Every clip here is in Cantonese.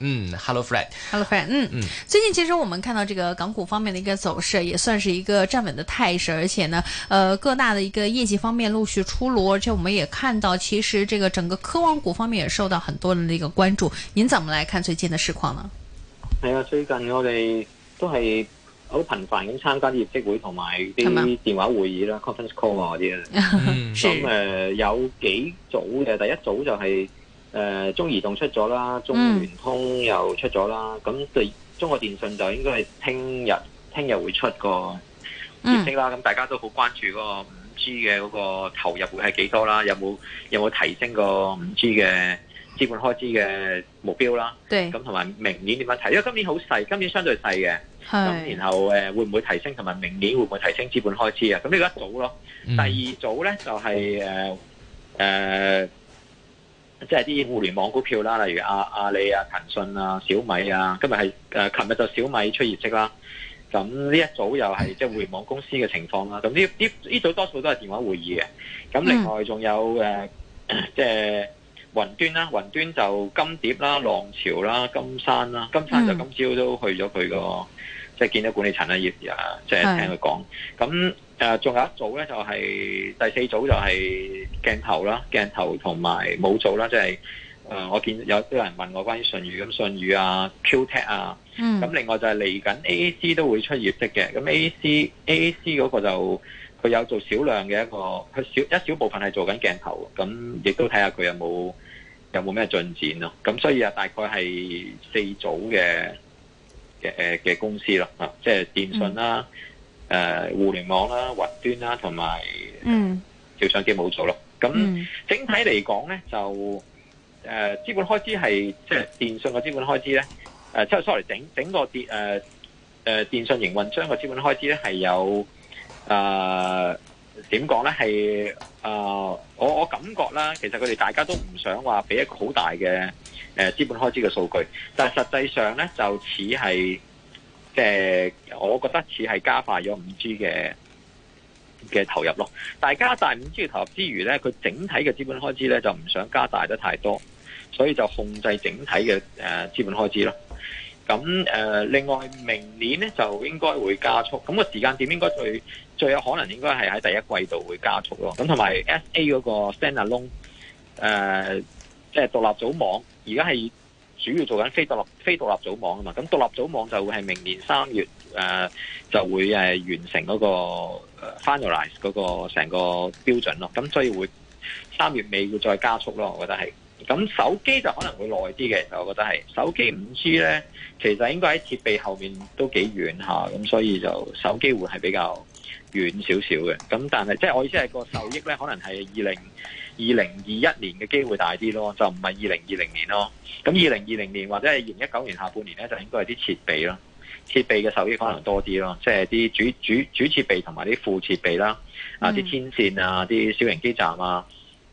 嗯，Hello Fred。Hello Fred，嗯，嗯，最近其實我們看到這個港股方面的一個走勢，也算是一個站穩的態勢，而且呢，呃，各大的一個業績方面陸續出爐，而且我們也看到，其實這個整個科網股方面也受到很多人的一個關注。您怎麼來看最近的市況呢？係啊，最近我哋都係好頻繁咁參加業績會同埋啲電話會議啦，conference call 啊嗰啲啊。咁有幾組嘅，第一組就係。誒、呃、中移動出咗啦，中聯通又出咗啦，咁、嗯、對中國電信就應該係聽日聽日會出個業績啦。咁、嗯、大家都好關注嗰個五 G 嘅嗰個投入會係幾多啦？有冇有冇提升個五 G 嘅資本開支嘅目標啦？咁同埋明年點樣睇？因為今年好細，今年相對細嘅。咁然後誒、呃、會唔會提升同埋明年會唔會提升資本開支啊？咁呢個一組咯、嗯。第二組呢，就係、是、誒、呃呃即係啲互聯網股票啦，例如阿阿里啊、騰訊啊、小米啊，今日係誒，琴、呃、日就小米出業績啦。咁呢一組又係即係互聯網公司嘅情況啦。咁呢呢呢組多數都係電話會議嘅。咁另外仲有即係、嗯呃即係、雲端啦，雲端就金蝶啦、浪潮啦、金山啦，金山就今朝都去咗佢個即係見到管理層啦，要即係聽佢講咁。誒，仲有一組咧，就係、是、第四組就係鏡頭啦，鏡頭同埋模組啦，即係誒，我見有啲人問我關於舜宇咁，舜宇啊，Q Tech 啊，咁、啊嗯、另外就係嚟緊 A A C 都會出業績嘅，咁 A A C A A C 嗰個就佢有做少量嘅一個，佢一小部分係做緊鏡頭，咁亦都睇下佢有冇有冇咩進展咯、啊，咁所以啊，大概係四組嘅嘅嘅公司咯，即、就、係、是、電信啦。嗯嗯誒、呃，互聯網啦、雲端啦，同埋嗯照相機冇做咯。咁、嗯嗯、整體嚟講咧，就誒，資、呃、本開支係即係電信個資本開支咧。誒、呃、即、就、係、是、sorry，整個整個電誒誒，電信營運商個資本開支咧係有誒，點講咧係誒，我我感覺啦，其實佢哋大家都唔想話俾一個好大嘅誒資本開支嘅數據，但係實際上咧就似係。即、呃、我覺得似係加快咗五 G 嘅嘅投入咯，但係加大五 G 嘅投入之餘咧，佢整體嘅資本開支咧就唔想加大得太多，所以就控制整體嘅誒資本開支咯。咁誒、呃，另外明年咧就應該會加速，咁、咁個時間點應該最最有可能應該係喺第一季度會加速咯。咁同埋 S A 嗰個 Stand Alone 誒、呃，即係獨立組網，而家係。主要做緊非獨立非獨立組網啊嘛，咁獨立組網就會係明年三月誒、呃、就會誒、呃、完成嗰個 finalize 嗰個成個標準咯，咁所以會三月尾會再加速咯，我覺得係。咁手機就可能會耐啲嘅，我覺得係。手機五 G 咧，其實應該喺設備後面都幾遠嚇，咁所以就手機會係比較。遠少少嘅，咁但係即係我意思係個受益咧，可能係二零二零二一年嘅機會大啲咯，就唔係二零二零年咯。咁二零二零年或者係二零一九年下半年咧，就應該係啲設備咯，設備嘅受益可能多啲咯，即係啲主主主設備同埋啲副設備啦，mm. 啊，啲天線啊，啲小型基站啊，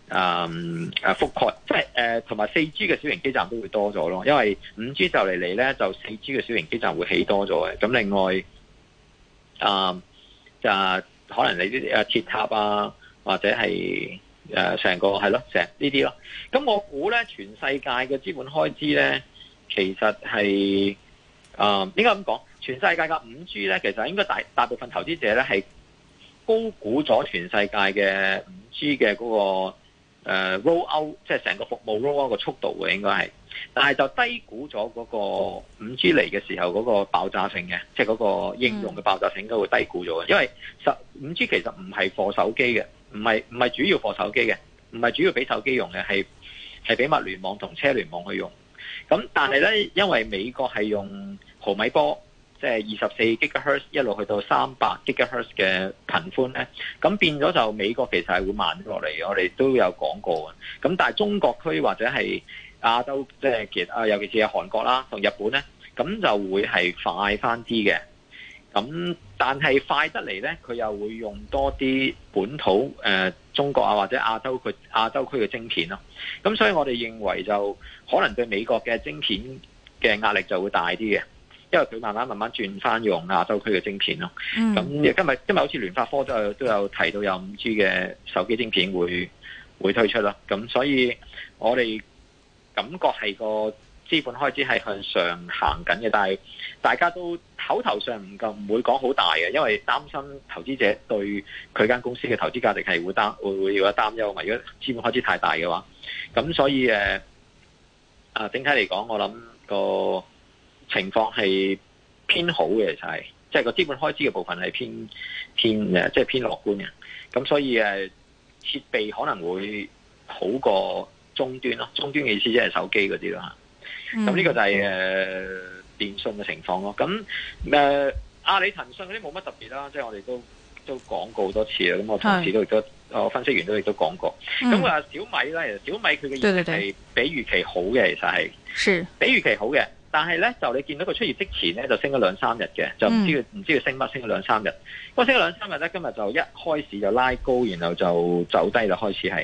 嗯，誒覆蓋，即係誒同埋四 G 嘅小型基站都會多咗咯，因為五 G 就嚟嚟咧，就四 G 嘅小型基站會起多咗嘅。咁另外，啊、嗯。就可能你啲誒鐵塔啊，或者係誒成個係咯成呢啲咯。咁我估咧，全世界嘅資本開支咧，其實係啊、呃，應該咁講，全世界嘅五 G 咧，其實應該大大部分投資者咧係高估咗全世界嘅五 G 嘅嗰個 rollout，即係成個服務 rollout 嘅速度嘅應該係。但係就低估咗嗰個五 G 嚟嘅時候嗰個爆炸性嘅，即係嗰個應用嘅爆炸性應該會低估咗嘅，因為十五 G 其實唔係貨手機嘅，唔係唔係主要貨手機嘅，唔係主要俾手機用嘅，係係俾物聯網同車聯網去用。咁但係咧，因為美國係用毫米波，即係二十四吉赫茲一路去到三百吉赫茲嘅頻寬咧，咁變咗就美國其實係會慢咗落嚟。我哋都有講過嘅。咁但係中國區或者係亞洲即係其他，尤其是係韓國啦同日本咧，咁就會係快翻啲嘅。咁但係快得嚟咧，佢又會用多啲本土誒、呃、中國啊或者亞洲區亞洲區嘅晶片咯。咁所以我哋認為就可能對美國嘅晶片嘅壓力就會大啲嘅，因為佢慢慢慢慢轉翻用亞洲區嘅晶片咯。咁、嗯、今日今日好似聯發科都都有提到有五 G 嘅手機晶片會會推出啦。咁所以我哋。感覺係個資本開支係向上行緊嘅，但係大家都口頭上唔夠，唔會講好大嘅，因為擔心投資者對佢間公司嘅投資價值係會擔會會有擔憂啊。如果資本開支太大嘅話，咁所以誒啊整體嚟講，我諗個情況係偏好嘅，就係即係個資本開支嘅部分係偏偏誒，即係偏樂觀嘅。咁所以誒，設備可能會好過。終端咯，終端嘅意思即係手機嗰啲啦。咁呢個就係誒電信嘅情況咯。咁誒阿里、呃啊、騰訊嗰啲冇乜特別啦，即、就、係、是、我哋都都講過好多次啦。咁我同事都亦都我分析員都亦都講過。咁、嗯、啊小米咧，小米佢嘅業績比預期好嘅，其實係，比預期好嘅。但係咧就你見到佢出業績前咧就升咗兩三日嘅，就唔知佢唔、嗯、知佢升乜升咗兩三日。不過升咗兩三日咧，今日就一開始就拉高，然後就走低啦，開始係。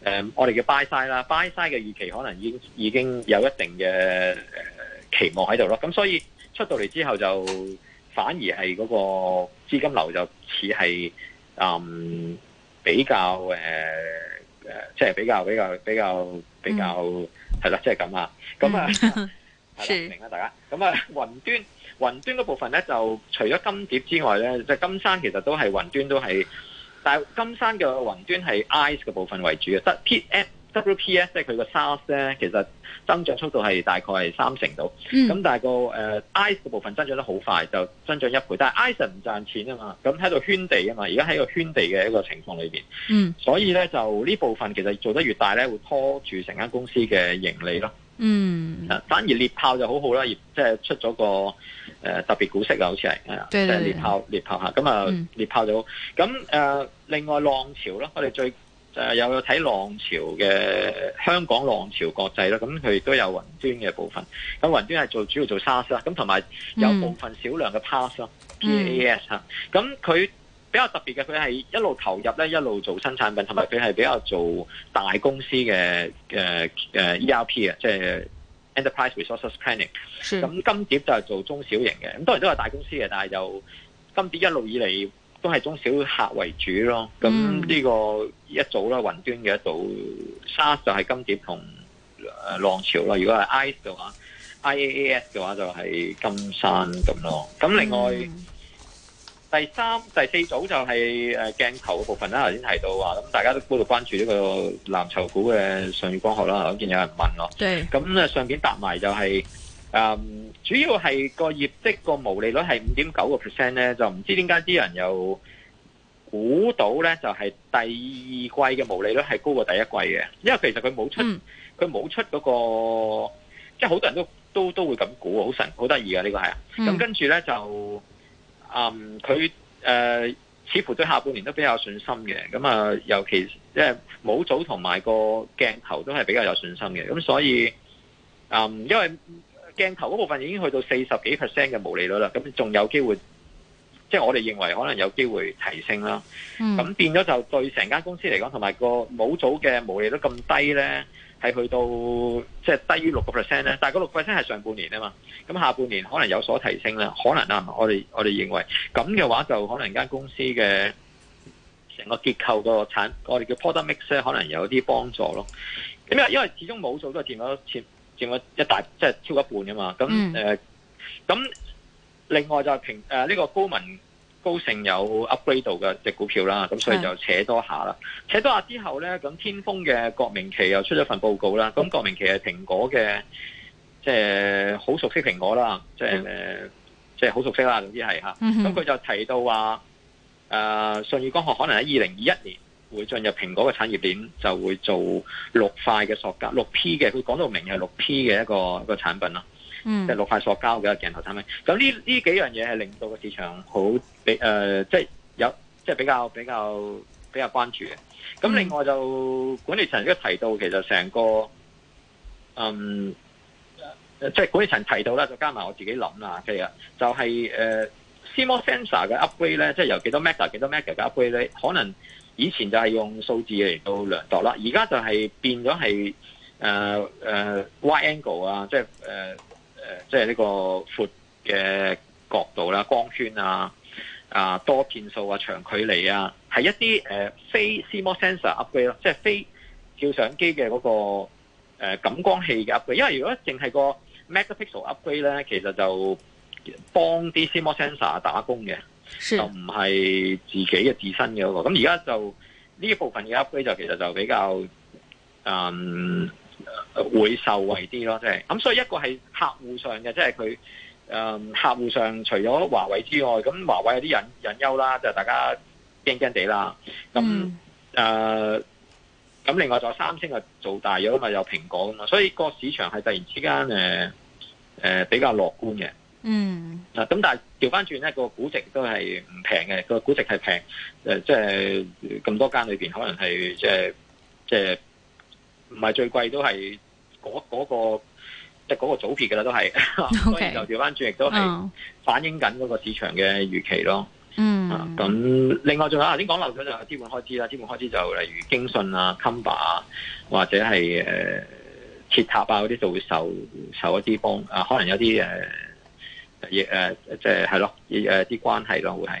誒、嗯，我哋叫 buy side 啦，buy side 嘅預期可能已經已經有一定嘅誒期望喺度咯，咁所以出到嚟之後就反而係嗰個資金流就似係嗯比較誒誒，即、呃、係、就是、比較比較比較、嗯、比較係啦，即係咁啊，咁、嗯、啊、嗯、 明啦，大家，咁啊雲端雲端嗰部分咧，就除咗金蝶之外咧，即、就、係、是、金山其實都係雲端都係。但金山嘅雲端係 ICE 嘅部分為主嘅，得 PFWP s 即係佢個 SaaS 咧，其實增長速度係大概係三成度。咁、嗯、但係個誒、uh, ICE 嘅部分增長得好快，就增長一倍。但係 ICE 唔賺錢啊嘛，咁喺度圈地啊嘛，而家喺個圈地嘅一個情況裏邊，嗯、所以咧就呢部分其實做得越大咧，會拖住成間公司嘅盈利咯。嗯，反而獵豹就，就是嗯、就好好啦，而即係出咗個誒特別股息啊，好似係，即係獵豹獵豹吓，咁啊獵豹就，好。咁誒另外浪潮啦，我哋最誒又、呃、有睇浪潮嘅香港浪潮國際啦，咁佢亦都有雲端嘅部分，咁雲端係做主要做 SaaS 啦，咁同埋有部分少量嘅 PaaS 咯，P A S 吓，咁佢、嗯。比較特別嘅，佢係一路投入咧，一路做新產品，同埋佢係比較做大公司嘅，ERP 啊，即係 Enterprise Resources Planning。咁金蝶就係做中小型嘅，咁當然都係大公司嘅，但係就金蝶一路以嚟都係中小客為主咯。咁呢個一組啦，雲端嘅一組 SaaS 就係金蝶同浪潮啦。如果係 I 嘅話，IaaS 嘅話就係金山咁咯咯。咁另外。嗯第三、第四組就係誒鏡頭嗰部分啦，頭先提到話，咁大家都高度關注呢個藍籌股嘅舜宇光學啦，我見有人問咯。對，咁咧上邊答埋就係、是、誒、嗯，主要係個業績個毛利率係五點九個 percent 咧，就唔知點解啲人又估到咧，就係第二季嘅毛利率係高過第一季嘅，因為其實佢冇出佢冇、嗯、出嗰、那個，即係好多人都都都會咁估，好神好得意嘅呢個係啊。咁跟住咧就。嗯，佢誒、呃、似乎對下半年都比較有信心嘅，咁、嗯、啊，尤其即係模組同埋個鏡頭都係比較有信心嘅，咁、嗯、所以嗯，因為鏡頭嗰部分已經去到四十幾 percent 嘅毛利率啦，咁仲有機會，即、就、係、是、我哋認為可能有機會提升啦。咁、嗯、變咗就對成間公司嚟講，同埋個模組嘅毛利率咁低咧。係去到即係低於六個 percent 咧，但係嗰六個 percent 係上半年啊嘛，咁下半年可能有所提升啦，可能啊，我哋我哋認為咁嘅話就可能間公司嘅成個結構個產，我哋叫 product mix 咧，可能有啲幫助咯。咁因為因為始終冇數都係佔咗佔咗一大即係、就是、超過一半啊嘛，咁誒咁另外就係平誒呢、呃這個高民。高盛有 upgrade 到嘅隻股票啦，咁所以就扯多一下啦。扯多一下之後咧，咁天風嘅郭明奇又出咗份報告啦。咁郭明奇係蘋果嘅，即係好熟悉蘋果啦，即係即係好熟悉啦。總之係嚇，咁、嗯、佢就提到話，誒舜宇光學可能喺二零二一年會進入蘋果嘅產業鏈，就會做六塊嘅塑膠。六 P 嘅。佢講到明係六 P 嘅一個一個產品咯。嗯，即係六塊塑膠嘅鏡頭產品，咁呢呢幾樣嘢係令到個市場好、呃就是就是，比誒即係有即係比較比較比較關注嘅。咁另外就管理層都提到，其實成個嗯即係、就是、管理層提到啦，就加埋我自己諗啦。其實就係誒 Smart Sensor 嘅 upgrade 咧，即係由幾多 meter 幾多 meter 嘅 upgrade 咧，可能以前就係用數字嚟到量度啦，而家就係變咗係誒誒 wide angle 啊、就是，即係誒。即係呢個闊嘅角度啦、光圈啊、啊多片數啊、長距離啊，係一啲誒、呃、非 CMOS sensor upgrade 咯，即係非照相機嘅嗰、那個、呃、感光器嘅 upgrade。因為如果淨係個 megapixel upgrade 咧，其實就幫啲 CMOS sensor 打工嘅，就唔係自己嘅自身嘅嗰、那個。咁而家就呢一部分嘅 upgrade 就其實就比較嗯。會受惠啲咯，即係咁，所以一個係客戶上嘅，即係佢誒客戶上除咗華為之外，咁華為有啲隱隱憂啦，就係、大家驚驚地啦，咁誒、咁、嗯呃、另外有三星又做大咗嘛，有蘋果咁嘛，所以個市場係突然之間誒誒比較樂觀嘅。嗯但，嗱咁但係調翻轉咧，個估值都係唔平嘅，個估值係平誒，即係咁多間裏邊可能係即係即係。就是唔係最貴都係嗰、那個，即係嗰個組別嘅啦，都係，所、okay, 以、uh -oh. 就調翻轉亦都係反映緊嗰個市場嘅預期咯。嗯、mm. 啊，咁另外仲有頭先講漏咗就係資本開支啦，資本開支就例如京信啊、Comba 啊，或者係誒、呃、鐵塔啊嗰啲就會受受一啲幫啊，可能有啲亦即係係咯，啲關係咯會係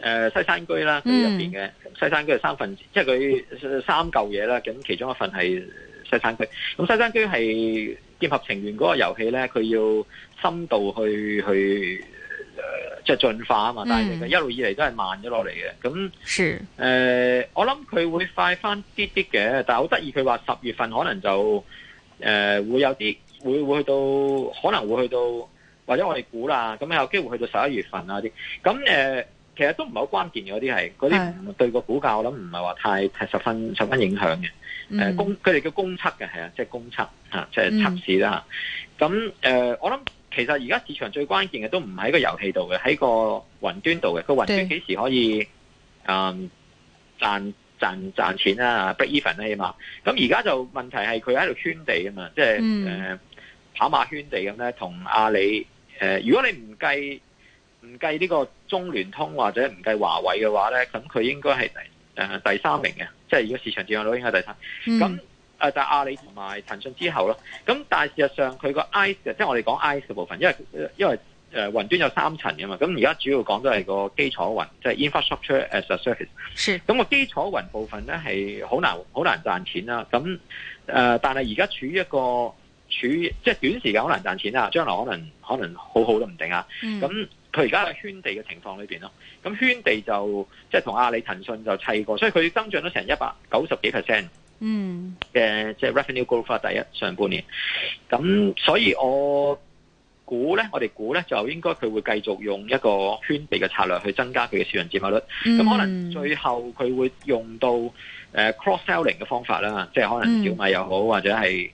誒、呃、西山居啦，佢入面嘅、嗯、西山居係三份，即係佢三嚿嘢啦。咁其中一份係西山居，咁西山居係劍俠情緣嗰個遊戲咧，佢要深度去去誒，即、呃、係進化啊嘛。但係其實一路以嚟都係慢咗落嚟嘅。咁，是、呃、我諗佢會快返啲啲嘅，但係好得意佢話十月份可能就誒、呃、會有啲會會去到可能會去到或者我哋估啦，咁有機會去到十一月份啊啲咁誒。其實都唔係好關鍵嗰啲係，嗰啲對個股價我諗唔係話太、太十分、十分影響嘅。誒、嗯呃，公佢哋叫公測嘅係啊，即係公測吓，即係測試啦。咁、嗯、誒、呃，我諗其實而家市場最關鍵嘅都唔係喺個遊戲度嘅，喺個雲端度嘅。個雲端幾時可以誒賺賺賺錢啦、啊？啊，break even 咧起碼。咁而家就問題係佢喺度圈地啊嘛，即係誒跑馬圈地咁咧，同阿里誒、呃，如果你唔計。唔計呢個中聯通或者唔計華為嘅話咧，咁佢應該係誒第、呃、第三名嘅，即係如果市場佔有率應該是第三。咁、嗯、誒，但係、呃就是、阿里同埋騰訊之後咯。咁但係事實上佢個 IaaS，即係我哋講 IaaS 嘅部分，因為因為誒、呃、雲端有三層嘅嘛。咁而家主要講都係個基礎雲，即、就、係、是、infrastructure as a service。是。咁、那個基礎雲部分咧係好難好難賺錢啦、啊。咁誒、呃，但係而家處於一個處於即係短時間好難賺錢啊。將來可能可能好好都唔定啊。咁、嗯佢而家喺圈地嘅情況裏面咯，咁圈地就即係同阿里、騰訊就砌過，所以佢增長咗成一百九十幾 percent，嗯嘅即係 revenue growth 第一上半年。咁所以我估咧，我哋估咧就應該佢會繼續用一個圈地嘅策略去增加佢嘅市場佔有率。咁、嗯、可能最後佢會用到 cross selling 嘅方法啦，即、就、係、是、可能小米又好、嗯、或者係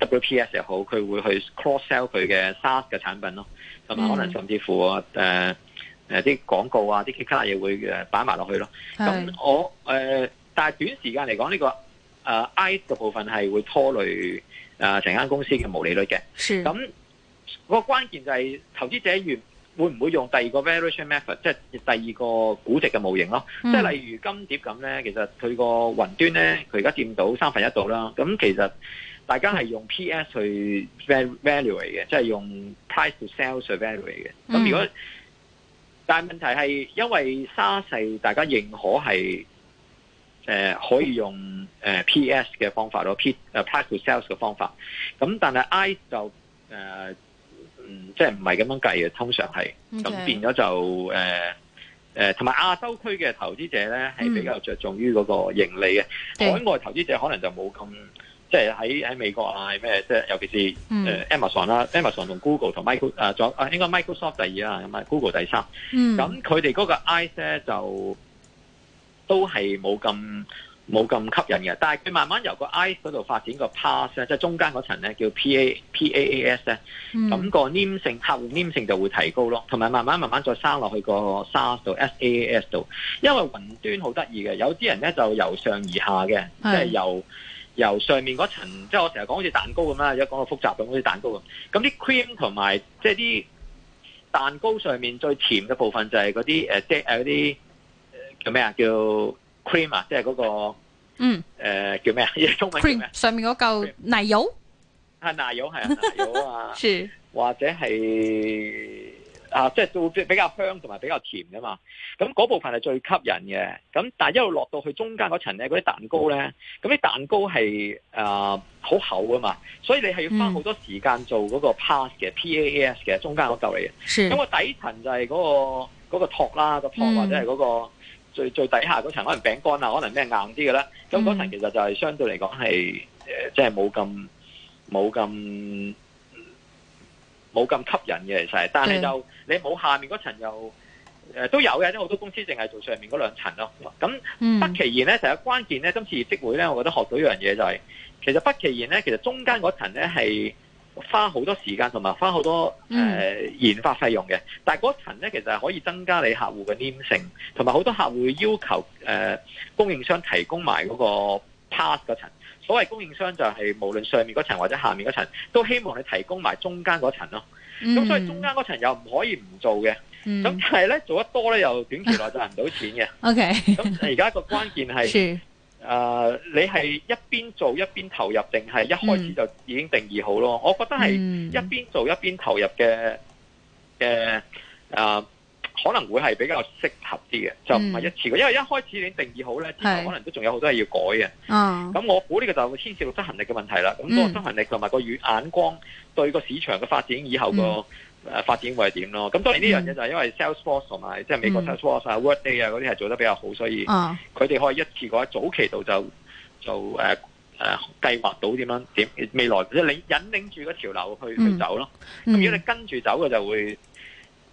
WPS 又好，佢會去 cross sell 佢嘅 SAAS 嘅產品咯。咁、嗯、可能甚至乎誒啲廣告啊，啲其他嘢會誒擺埋落去咯。咁我誒，但係短時間嚟講，呢、呢個誒 I 嘅部分係會拖累誒成間公司嘅毛利率嘅。咁、嗯，那個關鍵就係投資者會會唔會用第二個 valuation method，即係第二個估值嘅模型咯。即係例如金蝶咁咧，其實佢個雲端咧，佢而家佔到三分一度啦。咁、嗯嗯嗯、其實。大家係用 P/S 去 value 嘅，即係用 price to sales 去 value 嘅、嗯。咁如果，但係問題係因為沙士，大家認可係可以用 P/S 嘅方法咯，P price to sales 嘅方法。咁但係 I 就誒嗯，即係唔係咁樣計嘅，通常係咁、okay、變咗就誒誒，同、呃、埋亞洲區嘅投資者咧係比較着重於嗰個盈利嘅，海外投資者可能就冇咁。即係喺喺美國啊，咩即係尤其是 Amazon 啦、啊嗯、Amazon 同 Google 同 Micro 啊，仲有啊應該 Microsoft 第二啊，咁啊 Google 第三。咁佢哋嗰個 I 呢、啊、就都係冇咁冇咁吸引嘅，但係佢慢慢由個 I 嗰度發展個 Pass 即係中間嗰層呢叫 P A P A A S 呢、嗯，咁、嗰個黏性客戶黏性就會提高咯，同埋慢慢慢慢再生落去個 S 到 S A A S 度，因為雲端好得意嘅，有啲人呢就由上而下嘅，即係、就是、由。由上面嗰層，即係我成日講好似蛋糕咁啦，而家講到複雜咁，好似蛋糕咁。咁啲 cream 同埋即係啲蛋糕上面最甜嘅部分就係嗰啲誒即係嗰啲叫咩啊？叫 cream 啊，即係嗰、嗰個嗯誒、呃、叫咩啊？用中文叫咩？Cream，上面嗰嚿奶油係奶油係啊， 奶油啊，或者係。啊，即係都比較香同埋比較甜噶嘛，咁嗰部分係最吸引嘅。咁但係一路落到去中間嗰層咧，嗰啲蛋糕咧，咁啲蛋糕係啊好厚噶嘛，所以你係要花好多時間做嗰個 pass 嘅、嗯、pas 嘅中間嗰嚿嚟嘅。咁、嗰個底層就係嗰、嗰個嗰個托啦，個托或者係嗰個最、嗯、最底下嗰層可能餅乾啊，可能咩硬啲嘅咧。咁、嗯、嗰、嗰個、層其實就係相對嚟講係誒，即係冇咁冇咁。冇咁吸引嘅其實，但係就你冇下面嗰層又誒、呃、都有嘅，即係好多公司淨係做上面嗰兩層咯。咁不其然咧，其實關鍵咧，今次業績會咧，我覺得學到一樣嘢就係、是，其實不其然咧，其實中間嗰層咧係花好多時間同埋花好多誒、呃、研發費用嘅，但係嗰層咧其實係可以增加你客戶嘅黏性，同埋好多客戶要求誒、呃、供應商提供埋嗰個 pass 嗰層。所謂供應商就係、是、無論上面嗰層或者下面嗰層，都希望你提供埋中間嗰層咯。咁、嗯、所以中間嗰層又唔可以唔做嘅。咁、嗯、但係咧做得多咧又短期內就賺唔到錢嘅。OK。咁而家個關鍵係誒、 呃，你係一邊做一邊投入，定係一開始就已經定義好咯、嗯？我覺得係一邊做一邊投入嘅嘅啊。可能會係比較適合啲嘅，就唔係一次過、嗯。因為一開始你定義好咧，之後可能都仲有好多嘢要改嘅。咁、啊、我估呢個就牽涉到執行力嘅問題啦。咁、嗯、個執行力同埋個眼眼光對個市場嘅發展以後個發展會係點咯？咁、嗯、當然呢樣嘢就係因為 Salesforce 同埋即係美國 Salesforce、嗯、啊、Workday 啊嗰啲係做得比較好，所以佢哋可以一次過喺早期度就就誒誒、啊啊、計劃到點樣點未來即係、就係、引領住個潮流去、嗯、去走咯。咁、嗯、如果你跟住走嘅就會。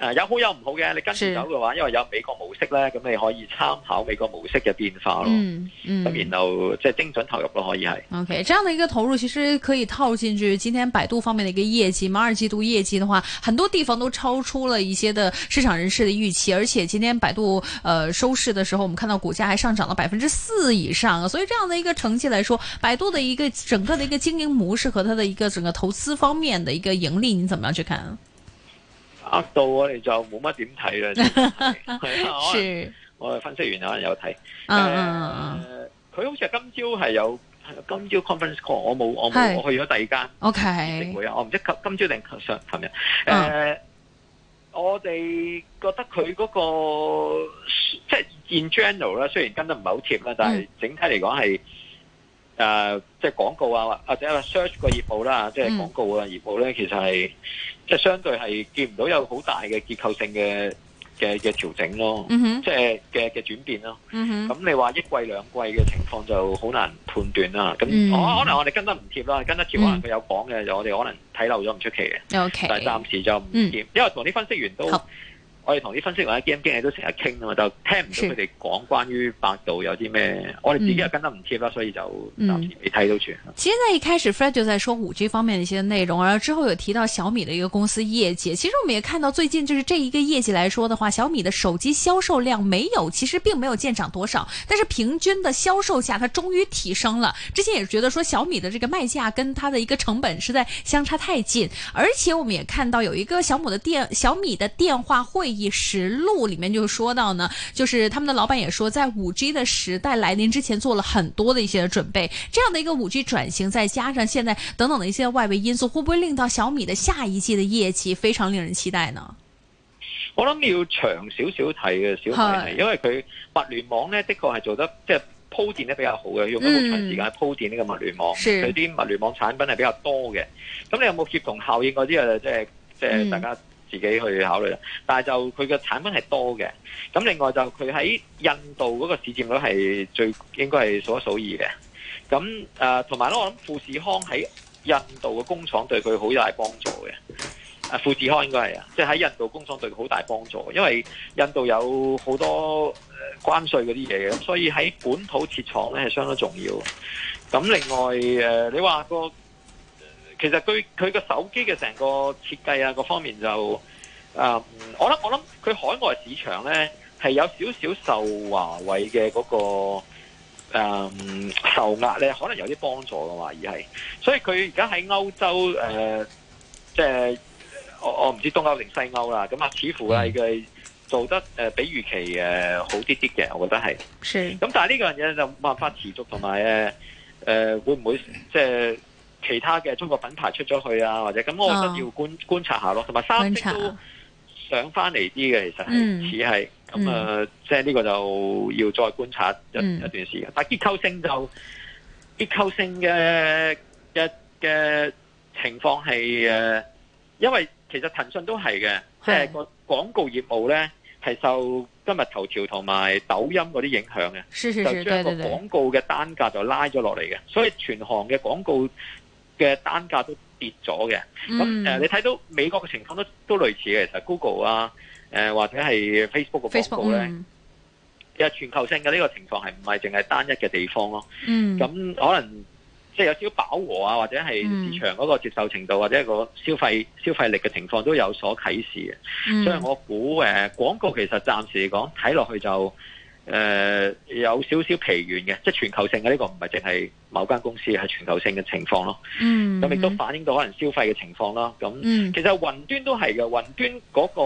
誒，有好有唔好嘅，你跟住走嘅話，因為有美國模式呢。咁你可以參考美國模式嘅變化咯。嗯嗯。然後即係精準投入咯，可以係。Okay, 這樣的一個投入，其實可以套進去今天百度方面的一個業績。嘛二季度業績的話，很多地方都超出了一些的市場人士的預期，而且今天百度呃收市的時候，我們看到股價還上漲了百分之四以上。所以這樣的一個成績來說，百度的一個整個的一個經營模式和它的一個整個投資方面的一個盈利，你怎麼樣去看？呃、啊，到我哋就冇乜點睇啦，係 啊，可 我我哋分析完有人、uh, 呃、有睇，佢好似係今朝係有今朝 conference call，我冇我冇去咗第二間，O K，會啊、okay. uh. 呃，我唔知今朝定上尋日，誒，我哋覺得佢嗰、那個即係 in general 啦，雖然跟得唔係好貼啦，但係整體嚟講係誒，即係廣告啊或者 search 個業務啦，即係廣告啊業務咧，mm. 其實係。即係相對係見唔到有好大嘅結構性嘅嘅嘅調整咯，嗯、即係嘅嘅轉變咯。咁、嗯、你話一季兩季嘅情況就好難判斷啦。咁、嗯哦、可能我哋跟得唔貼啦，跟得貼話佢有講嘅、嗯，就我哋可能睇漏咗唔出奇嘅、okay。但係暫時就唔貼、嗯，因為同啲分析員都。我哋同啲分析或者 game g a 都成日傾啊嘛，就聽唔到佢哋講關於百度有啲咩、嗯，我哋自己又跟得唔貼啦，所以就暫時未睇到全、嗯。其實在一開始 Fred 就在說 5G 方面的一些內容，然後之後有提到小米的一個公司業績。其實我們也看到最近就是這一個業績來說的話，小米的手機銷售量沒有，其實並沒有見漲多少，但是平均的銷售價，它終於提升了。之前也覺得說小米的這個賣價跟它的一個成本實在相差太近，而且我們也看到有一個小母的電小米的電話會。《異實錄》裏面就說到呢，就是他們的老闆也說，在五 G 的時代來臨之前，做了很多的一些準備。這樣的一個五 G 轉型，再加上現在等等的一些外圍因素，會不會令到小米的下一季的業績非常令人期待呢？我諗要長少少睇嘅，小米，因為佢物聯網呢的確係做得即係鋪墊得比較好嘅，用咗好長時間鋪墊呢個物聯網，佢、嗯、啲物聯網產品係比較多嘅。咁你有冇協同效應嗰啲啊？即係即係大家。自己去考慮啦，但係就佢嘅產品係多嘅，咁另外就佢喺印度嗰個市佔率係最應該係數一數二嘅，咁誒同埋咧，我諗富士康喺印度嘅工廠對佢好大幫助嘅，富士康應該係啊，即係喺印度工廠對佢好大幫助，因為印度有好多關稅嗰啲嘢嘅，咁所以喺本土設廠咧係相當重要。咁另外誒，你話個。其實佢佢個手機嘅成個設計啊，各方面就誒、呃，我諗我諗佢海外市場咧係有少少受華為嘅嗰、嗰個受壓咧，可能有啲幫助嘅嘛。而係，所以佢而家喺歐洲誒、呃，即係我我唔知東歐定西歐啦，咁啊，似乎係佢做得誒比預期誒好啲啲嘅，我覺得係。係。咁但係呢樣嘢就冇辦法持續同埋誒誒，會唔會即係？其他嘅中國品牌出咗去啊，或者咁，我覺得要觀、哦、觀察下咯。同埋三星都想返嚟啲嘅，其實似係咁啊，即係呢個就要再觀察一、嗯、一段時間。但係結構性就結構性嘅一嘅情況係誒，因為其實騰訊都係嘅，即誒個廣告業務咧係受今日頭條同埋抖音嗰啲影響嘅，就將個廣告嘅單價就拉咗落嚟嘅，所以全行嘅廣告嘅單價都跌咗嘅，咁、嗯呃、你睇到美國嘅情況都都類似嘅，其實 Google 啊，呃、或者係 Facebook 嘅廣告咧、嗯，其實全球性嘅呢個情況係唔係淨係單一嘅地方咯、啊？咁、嗯、可能即係、就是、有少少飽和啊，或者係市場嗰個接受程度、嗯、或者嗰個消費消費力嘅情況都有所啟示嘅、嗯，所以我估誒、呃、廣告其實暫時嚟講睇落去就。誒、呃，有少少疲軟嘅，即係全球性嘅呢、呢個唔係淨係某間公司，係全球性嘅情況咯。嗯，咁亦都反映到可能消費嘅情況啦。咁、嗯，其實雲端都係嘅，雲端嗰、嗰個、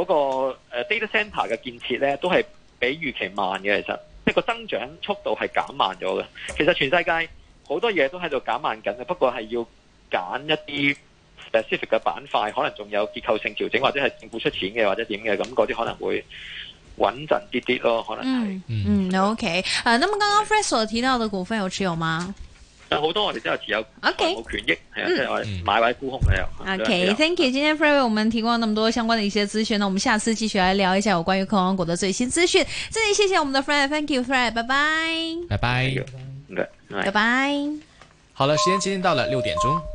嗰個誒、嗰個、data center 嘅建設咧，都係比預期慢嘅。其實，即係個增長速度係減慢咗嘅。其實全世界好多嘢都喺度減慢緊嘅，不過係要揀一啲 specific 嘅板塊，可能仲有結構性調整，或者係政府出錢嘅，或者點嘅，咁嗰啲可能會。穩陣啲啲咯，可能係嗯 OK 誒，嗯嗯 okay uh，那麼剛剛 Friso 所提到的股份有持有嗎？有、嗯、好多我哋都有持有，OK。權益係買位股紅係有，OK。Thank you，今天 Friso 為我們提供咁多相關的一些資訊，呢、嗯，我們下次繼續來聊一下有關於科王股的最新資訊。這裏謝謝我們的 Friso，Thank you，Friso，拜拜，拜拜，拜拜。好了，時間接近到了六點鐘。